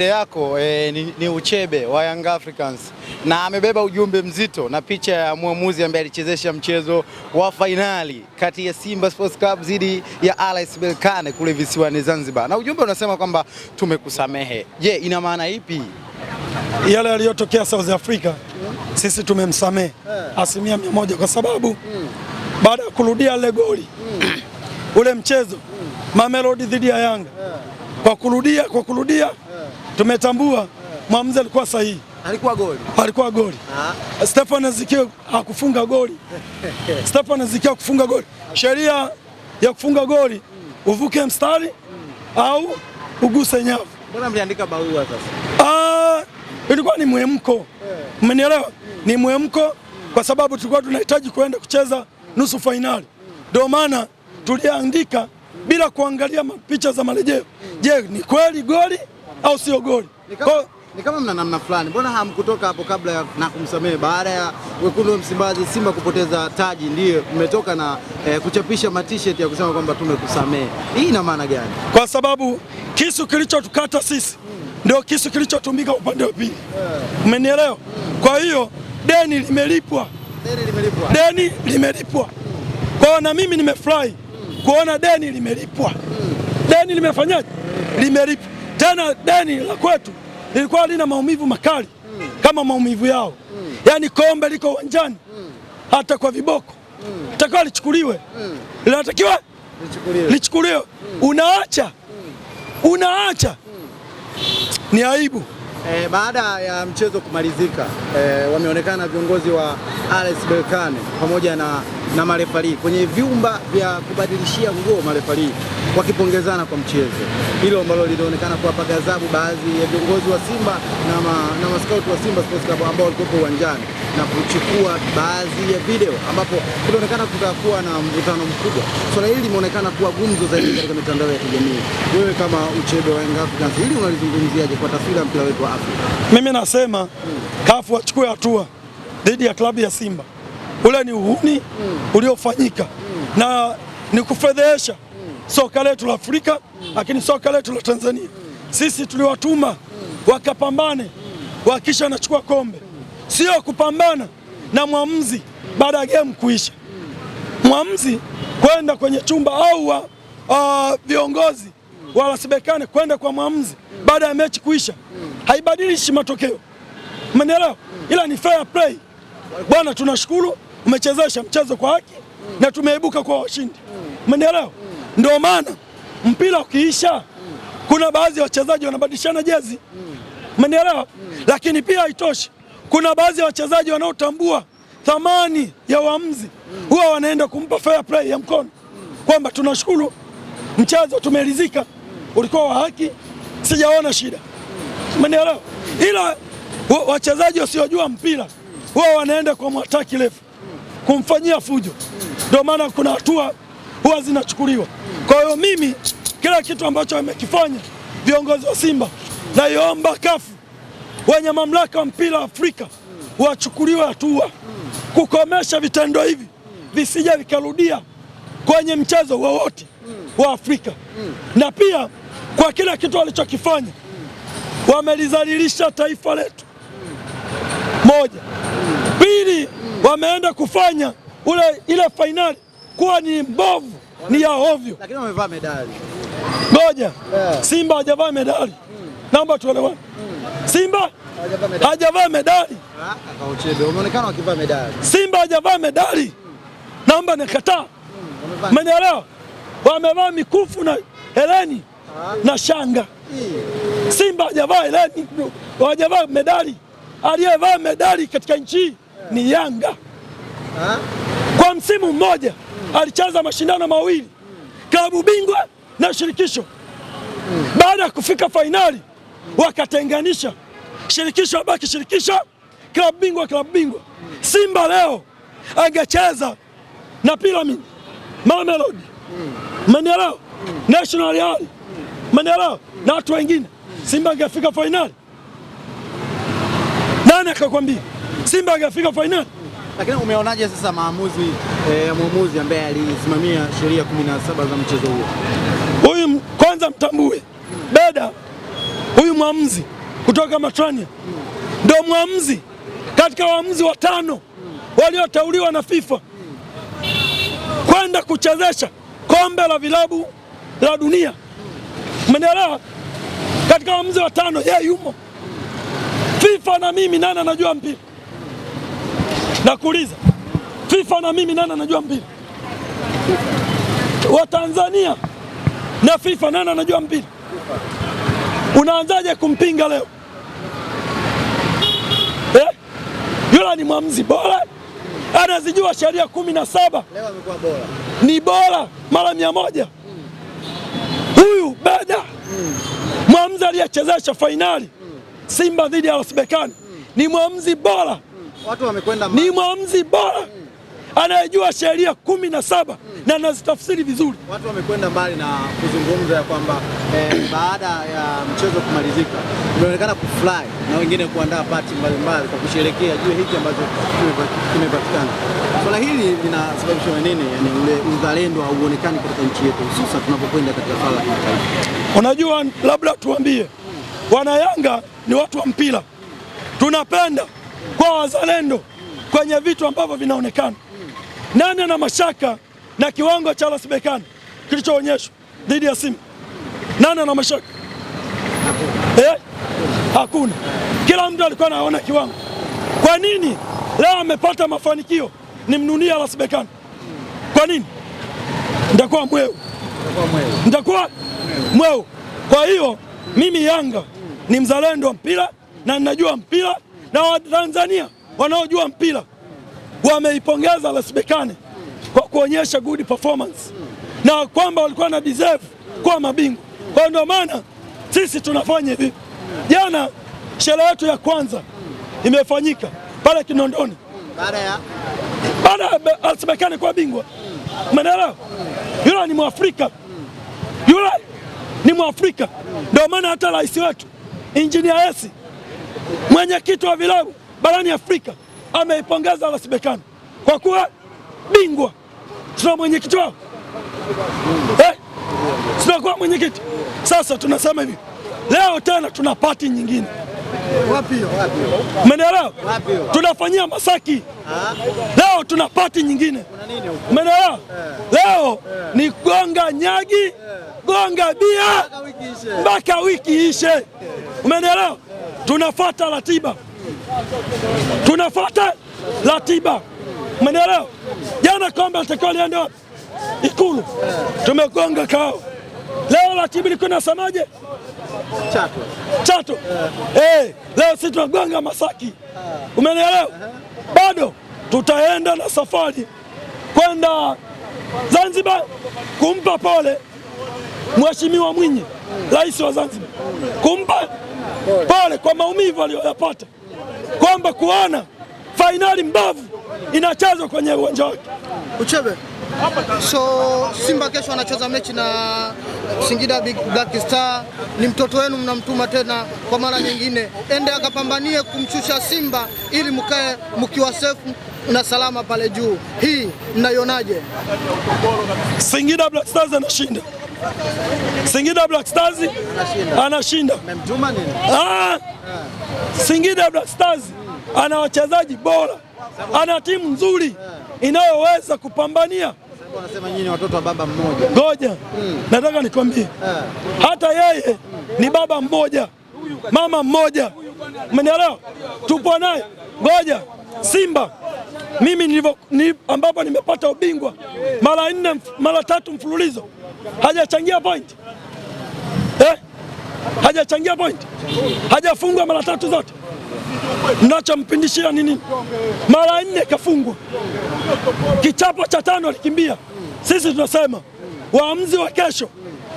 mbele yako e, ni, ni Uchebe wa Young Africans na amebeba ujumbe mzito na picha ya mwamuzi ambaye alichezesha mchezo wa fainali kati ya Simba Sports Club dhidi ya RS Berkane kule visiwani Zanzibar, na ujumbe unasema kwamba tumekusamehe. Je, ina maana ipi yale yaliyotokea South Africa? Sisi tumemsamehe eh. asilimia mia moja kwa sababu hmm. baada ya kurudia ile goli hmm. ule mchezo hmm. Mamelodi dhidi ya Yanga eh. kwa kurudia kwa kurudia tumetambua mwamuzi alikuwa sahihi, alikuwa goli, alikuwa goli. Ah. Stefan Azikia akufunga goli Stefan Azikia akufunga goli. Sheria ya kufunga goli uvuke mstari au uguse nyavu. Mbona mliandika barua sasa? Ah, ilikuwa ni mwemko, eh. umenielewa? ni mwemko kwa sababu tulikuwa tunahitaji kuenda kucheza nusu fainali, ndio maana tuliandika bila kuangalia mapicha za marejeo. Je, ni kweli goli au sio goli? Ni kama mna namna fulani, mbona hamkutoka hapo kabla ya na kumsamehe? Baada ya wekundu wa Msimbazi Simba kupoteza taji, ndiyo mmetoka na eh, kuchapisha matisheti ya kusema kwamba tumekusamehe. Hii ina maana gani? Kwa sababu kisu kilichotukata sisi hmm, ndio kisu kilichotumika upande wa pili, eh. umenielewa? Yeah. Hmm. Kwa hiyo deni limelipwa, deni limelipwa, deni limelipwa. Hmm. Kwa na mimi nimefurahi hmm, kuona deni limelipwa. Hmm. Deni limefanyaje? Hmm. Limelipwa. Tena deni la kwetu lilikuwa lina maumivu makali mm. kama maumivu yao mm. yaani kombe liko uwanjani mm. hata kwa viboko mm. takiwa lichukuliwe mm. linatakiwa lichukuliwe, lichukuliwe. Mm. unaacha mm. unaacha mm. ni aibu eh. Baada ya mchezo kumalizika eh, wameonekana viongozi wa RS Berkane pamoja na na marefarii kwenye vyumba vya kubadilishia nguo marefarii wakipongezana kwa mchezo, hilo ambalo lilionekana kuwapa ghadhabu baadhi ya viongozi wa Simba na, ma, na maskauti wa Simba Sports Club ambao walikuwepo uwanjani na kuchukua baadhi ya video, ambapo kulionekana kutakuwa na mvutano mkubwa. Swala hili limeonekana kuwa gumzo zaidi katika mitandao ya kijamii. Wewe kama uchebe wa Yanga Africans, hili unalizungumziaje kwa taswira ya mpira wetu wa Afrika? Mimi nasema hmm, kafu achukue hatua dhidi ya klabu ya Simba ule ni uhuni mm. uliofanyika mm. na ni kufedhehesha mm. soka letu la Afrika, lakini soka letu la Tanzania. Sisi tuliwatuma wakapambane, wakisha anachukua kombe, sio kupambana na mwamuzi baada ya game kuisha, mwamuzi kwenda kwenye chumba au uh, viongozi uh, walasemekane kwenda kwa mwamuzi baada ya mechi kuisha, haibadilishi matokeo, mmenielewa? Ila ni fair play bwana, tunashukuru umechezesha mchezo kwa haki mm. na tumeibuka kwa washindi umenielewa? mm. mm. ndio maana mpira ukiisha mm. kuna baadhi ya wachezaji wanabadilishana jezi umenielewa? mm. mm. lakini pia haitoshi, kuna baadhi ya wachezaji wanaotambua thamani ya uamuzi huwa wanaenda kumpa fair play ya mkono mm. kwamba tunashukuru, mchezo tumeridhika, ulikuwa wa haki, sijaona shida umenielewa? ila wachezaji wasiojua mpira huwa wanaenda kwa mwataki refu kumfanyia fujo. Ndio maana kuna hatua huwa zinachukuliwa. Kwa hiyo mimi kila kitu ambacho wamekifanya viongozi wa Simba naiomba kafu wenye mamlaka mpira wa Afrika wachukuliwe hatua kukomesha vitendo hivi visije vikarudia kwenye mchezo wowote wa Afrika na pia kwa kila kitu walichokifanya wamelizalilisha taifa letu moja wameenda kufanya ule ile fainali kuwa ni mbovu, ni ya ovyo, lakini wamevaa medali. Ngoja, yeah. Simba hajavaa medali hmm. Naomba tuelewe hmm. Simba hajavaa medali ah, umeonekana wakivaa medali. Simba hajavaa medali hmm. Naomba nikataa hmm. Umenielewa? Wamevaa mikufu na heleni ha, ah. na shanga hmm. Simba hajavaa heleni, hajavaa medali. Aliyevaa medali katika nchi hii ni Yanga ha? Kwa msimu mmoja mm. alicheza mashindano mawili klabu bingwa na shirikisho baada ya kufika fainali wakatenganisha shirikisho abaki shirikisho, klabu bingwa klabu bingwa. Simba leo angecheza na Pyramid, Mamelodi mm. National Real mm. na watu wengine, Simba angefika fainali. Nani akakwambia? Simba angefika fainali. Lakini umeonaje sasa maamuzi eh, mwamuzi ambaye alisimamia sheria 17 za mchezo huo? Huyu kwanza mtambue Beda, huyu mwamuzi kutoka Matrania ndio hmm. mwamuzi katika waamuzi watano hmm. walioteuliwa na FIFA hmm. kwenda kuchezesha kombe la vilabu la dunia mnaelewa? katika waamuzi watano yeye yumo FIFA na mimi nani anajua mpira Nakuuliza, FIFA na mimi nani anajua mpira wa Tanzania? Na FIFA nani anajua mpira? Unaanzaje kumpinga leo eh? Yule ni mwamuzi bora, anazijua sheria kumi na saba, ni bora mara mia moja huyu beda mwamzi Mwamuzi aliyechezesha fainali Simba dhidi ya Osbekani ni mwamuzi bora watu wamekwenda Ni mwamuzi bora anayejua sheria kumi na saba na anazitafsiri vizuri. Watu wamekwenda mbali na kuzungumza ya kwamba eh, baada ya mchezo kumalizika umeonekana kufly na wengine kuandaa pati mbalimbali kwa kusherekea juu hiki ambacho kimepatikana. Swala hili linasababisha nini? Yani ule uzalendo hauonekani katika nchi yetu, hususa tunapokwenda katika swala la kimataifa. Unajua, labda tuambie mm. wana Yanga ni watu wa mpira tunapenda kwa wazalendo kwenye vitu ambavyo vinaonekana. Nani ana mashaka na kiwango cha RS Berkane kilichoonyeshwa dhidi ya Simba? Nani ana mashaka eh? Hakuna, kila mtu alikuwa anaona kiwango. Kwa nini leo amepata mafanikio ni mnunia RS Berkane? Kwa nini? Nitakuwa mweu, nitakuwa mweu. Kwa hiyo mimi Yanga ni mzalendo wa mpira na ninajua mpira na Watanzania wanaojua mpira wameipongeza RS Berkane kwa kuonyesha good performance na kwamba walikuwa na deserve kuwa mabingwa. Kwa ndio maana sisi tunafanya hivi. Jana sherehe yetu ya kwanza imefanyika pale Kinondoni baada ya baada ya RS Berkane kuwa bingwa. Umeelewa? Yule ni Mwafrika, yule ni Mwafrika. Ndio maana hata rais wetu Injinia Hersi mwenyekiti wa vilabu barani Afrika ameipongeza RS Berkane kwa kuwa bingwa. Tuna mwenyekiti wao eh? Tunakuwa mwenyekiti sasa. Tunasema hivi leo tena tuna pati nyingine Umeelewa? Tunafanyia Masaki ha? Leo tuna pati nyingine umeelewa? Eh. Leo yeah. Ni gonga nyagi yeah. Gonga bia mpaka wiki ishe, umeelewa? tunafata ratiba, tunafata ratiba, mwenelewa. Jana kombe litakuwa liende wapi? Ikulu, tumegonga kao. Leo ratiba ilikuwa inasemaje? Chato, Chato. Hey, eh. eh, leo sisi tunagonga Masaki, umenielewa? Bado tutaenda na safari kwenda Zanzibar kumpa pole Mheshimiwa Mwinyi, rais wa Zanzibar, kumpa pole kwa maumivu aliyoyapata, kwamba kuona fainali mbavu inachezwa kwenye uwanja wake Uchebe. So Simba kesho anacheza mechi na Singida Big Black Star. Ni mtoto wenu mnamtuma tena kwa mara nyingine, ende akapambanie kumshusha Simba ili mkae mkiwa safe na salama pale juu. Hii mnaionaje? Singida Black Stars anashinda. Singida Black Stars anashinda. Ah, Singida Black Stars ana wachezaji bora, ana timu nzuri inayoweza kupambania Wanasema nyinyi watoto wa baba mmoja. Ngoja hmm. nataka nikwambie eh. hata yeye ni baba mmoja mama mmoja, umenielewa? Tupo naye. Ngoja Simba mimi nilivyo, ni ambapo nimepata ubingwa mara nne mara tatu mfululizo hajachangia point eh? hajachangia point, hajafungwa mara tatu zote. Mnachompindishia ni nini? Mara nne kafungwa, kichapo cha tano alikimbia. Sisi tunasema waamuzi wa kesho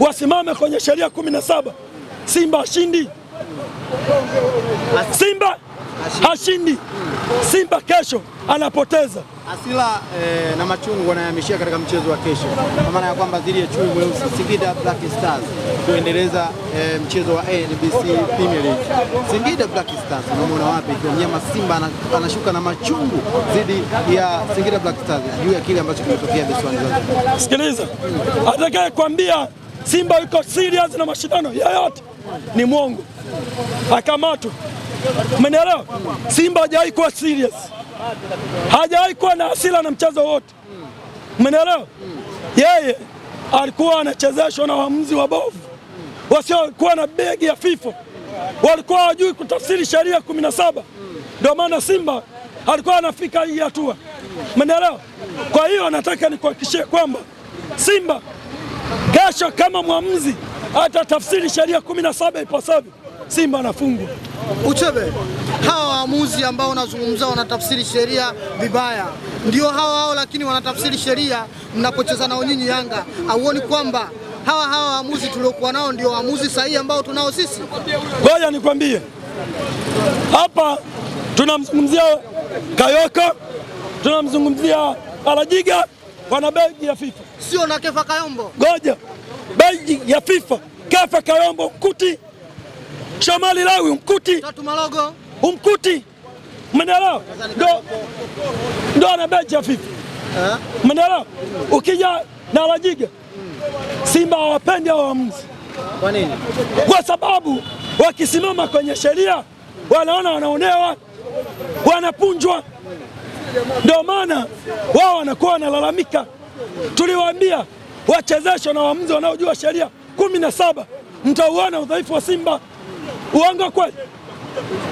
wasimame kwenye sheria kumi na saba. Simba ashindi Simba hashindi, Simba kesho anapoteza. Asila eh, na machungu wanahamishia katika mchezo wa kesho, kwa maana ya kwamba dhidi ya chui mweusi Singida Black Stars kuendeleza eh, mchezo wa NBC Premier League. Singida Black Stars unamwona wapi ikiwa mnyama Simba anashuka na machungu dhidi ya Singida Black Stars juu ya kile ambacho kimetokea visiwani Zanzibar? Sikiliza, atakaye kwambia Simba yuko serious na mashindano yoyote ni mwongo, akamatwa Umenielewa? Simba hajawahi kuwa serious, hajawahi kuwa na hasira na mchezo wote. Umenielewa? Yeye alikuwa anachezeshwa na waamuzi wabovu wasiokuwa na begi ya FIFA, walikuwa hawajui kutafsiri sheria kumi na saba. Ndio maana Simba alikuwa anafika hii hatua, umenielewa? Kwa hiyo anataka nikuhakikishie kwamba Simba kesho, kama mwamuzi atatafsiri sheria kumi na saba ipasavyo Simba anafungwa. Uchebe, hawa waamuzi ambao wanazungumza wanatafsiri sheria vibaya, ndio hawa hao, lakini wanatafsiri sheria mnapocheza nao nyinyi Yanga. Hauoni kwamba hawa hawa waamuzi tuliokuwa nao ndio waamuzi sahihi ambao tunao sisi? Ngoja nikwambie, hapa tunamzungumzia Kayoka, tunamzungumzia Alajiga, wana begi ya FIFA sio na Kefa Kayombo. Ngoja begi ya FIFA Kefa Kayombo kuti shomali Lawi umkuti umkuti, umeelewa? Ndo ndo ana beji ya fifi, eh? Ukija na Lajiga, Simba hawapendi hao waamuzi. Kwa nini? Kwa sababu wakisimama kwenye sheria wanaona wanaonewa, wanapunjwa, ndio maana wao wanakuwa wanalalamika. Tuliwaambia wachezeshwa na waamuzi wanaojua sheria kumi na saba, mtauona udhaifu wa Simba. Uongo kweli?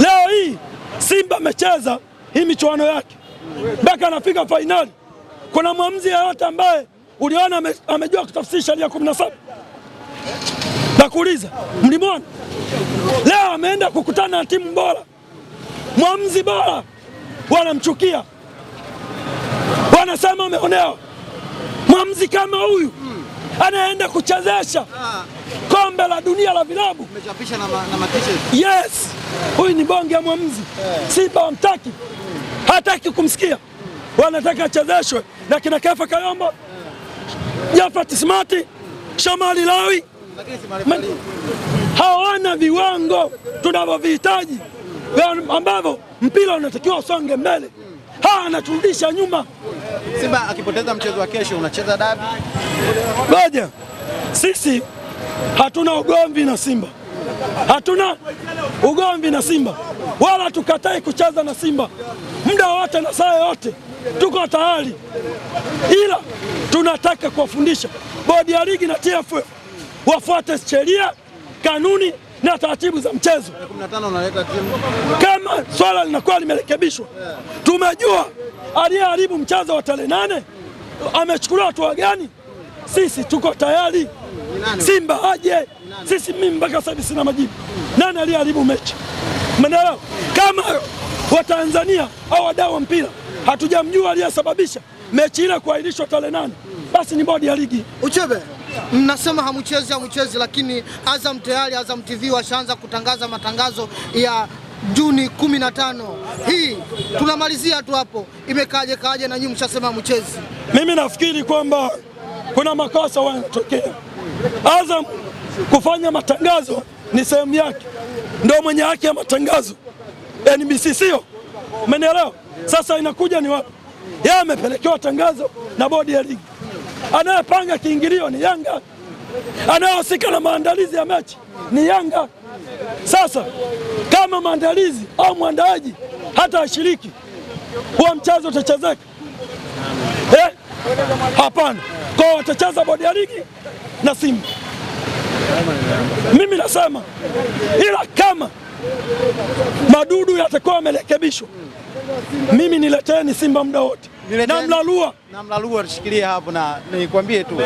Leo hii Simba amecheza hii michuano yake mpaka anafika fainali. Kuna mwamuzi yeyote ambaye uliona ame, amejua kutafsiri sheria kumi na saba? Nakuuliza, mlimwona? Leo ameenda kukutana na timu bora, mwamuzi bora, wanamchukia, wanasema ameonewa. Mwamuzi kama huyu anaenda kuchezesha kombe la dunia la vilabu na ma, na yes. Huyu ni bonge ya mwamuzi eh. Simba wamtaki hataki kumsikia wanataka achezeshwe na kina Kefa Kayombo eh. Jafat Smati shomari Shamali Lawi hawana viwango tunavyovihitaji hmm. ambavyo mpira unatakiwa usonge mbele anaturudisha nyuma. Simba akipoteza mchezo wa kesho, unacheza dabi. Ngoja sisi hatuna ugomvi na Simba, hatuna ugomvi na Simba wala tukatai kucheza na Simba muda wote na saa yote, tuko tayari, ila tunataka kuwafundisha bodi ya ligi na TFF wafuate sheria, kanuni na taratibu za mchezo. Kama swala linakuwa limerekebishwa, tumejua aliyeharibu mchezo wa tarehe nane amechukuliwa hatua gani. Sisi tuko tayari, Simba aje sisi. Mimi mpaka sasa sina majibu, nani aliyeharibu mechi, mnaelewa? Kama Watanzania au wadau wa mpira hatujamjua aliyesababisha mechi ile kuahirishwa tarehe nane, basi ni bodi ya ligi Uchebe mnasema hamuchezi hamchezi lakini Azam tayari Azam TV washaanza kutangaza matangazo ya Juni 15 hii tunamalizia tu hapo. Imekaje kaje na nyinyi mshasema mchezi? Mimi nafikiri kwamba kuna makosa yanatokea. Azam kufanya matangazo ni sehemu yake, ndio mwenye haki ya matangazo NBC, yaani sio? Umenielewa? Sasa inakuja ni wapi yeye amepelekewa tangazo na bodi ya ligi Anayepanga kiingilio ni Yanga, anayehusika na maandalizi ya mechi ni Yanga. Sasa kama maandalizi au mwandaaji hata ashiriki, huwa mchezo utachezeka eh? Hapana, kwao watacheza bodi ya ligi na Simba. Mimi nasema ila kama madudu yatakuwa yamerekebishwa mimi nileteni Simba muda wote na Mlalua na Mlalua tushikilie hapo, na nikwambie tu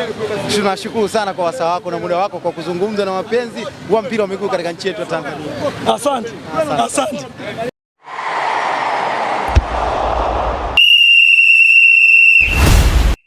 tunashukuru sana kwa wasaa wako na muda wako kwa kuzungumza na wapenzi wa mpira wa miguu katika nchi yetu ya Tanzania. Asante, asante.